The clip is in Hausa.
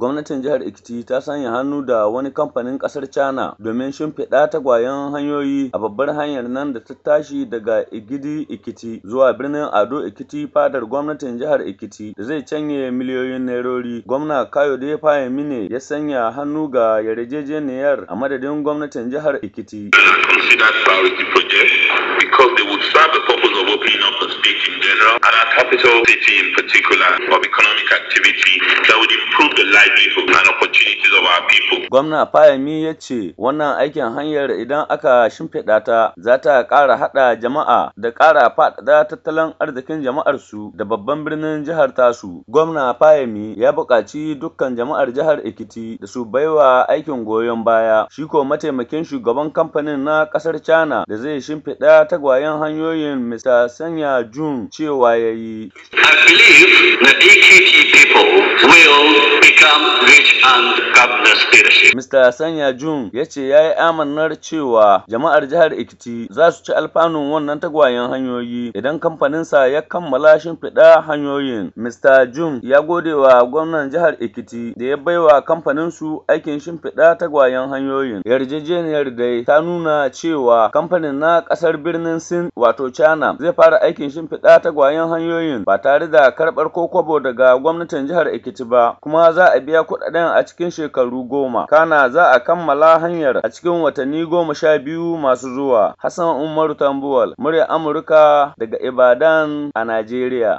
Gwamnatin Jihar Ikiti ta sanya hannu da wani kamfanin ƙasar China domin shimfiɗa tagwayen hanyoyi a babbar hanyar nan da ta tashi daga Igidi Ikiti, zuwa birnin Ado Ikiti, fadar gwamnatin Jihar Ikiti, da zai canye miliyoyin nairori. Gwamna Kayode Fayemine ya sanya hannu ga yarjejeniyar a madadin gwamnatin Jihar ikiti Our capital city in particular of economic activity that would improve the livelihood and opportunities of our people. Gwamna Fayami ya ce wannan aikin hanyar idan aka shimfiɗa ta za ta ƙara haɗa jama'a da ƙara faɗaɗa tattalin arzikin jama'ar su da babban birnin jihar tasu. Gwamna Fayami ya buƙaci dukkan jama'ar jihar Ekiti da su baiwa aikin goyon baya. Shi ko mataimakin shugaban kamfanin na ƙasar China da zai shimfiɗa tagwayen hanyoyin Mr. Sanya Jun cewa why I believe that become rich and leadership. Mr. Sanya Jun ya ce ya yi amannar cewa jama'ar jihar Ekiti za su ci alfanun wannan tagwayen hanyoyi idan kamfaninsa ya kammala shimfiɗa hanyoyin. Mr. Jun ya gode wa gwamnan jihar Ekiti da ya bai wa kamfaninsu aikin shimfiɗa tagwayen hanyoyin. Yarjejeniyar dai ta nuna cewa kamfanin na ƙasar birnin Sin wato China zai fara aikin shimfiɗa tagwayen hanyoyin ba tare da karɓar ko kwabo daga gwamnatin jihar Ekiti ba kuma za a a biya kuɗaɗen a cikin shekaru goma. Kana za a kammala hanyar a cikin watanni goma sha biyu masu zuwa. Hassan Umaru Tambuwal, murya Amurka daga Ibadan a Najeriya.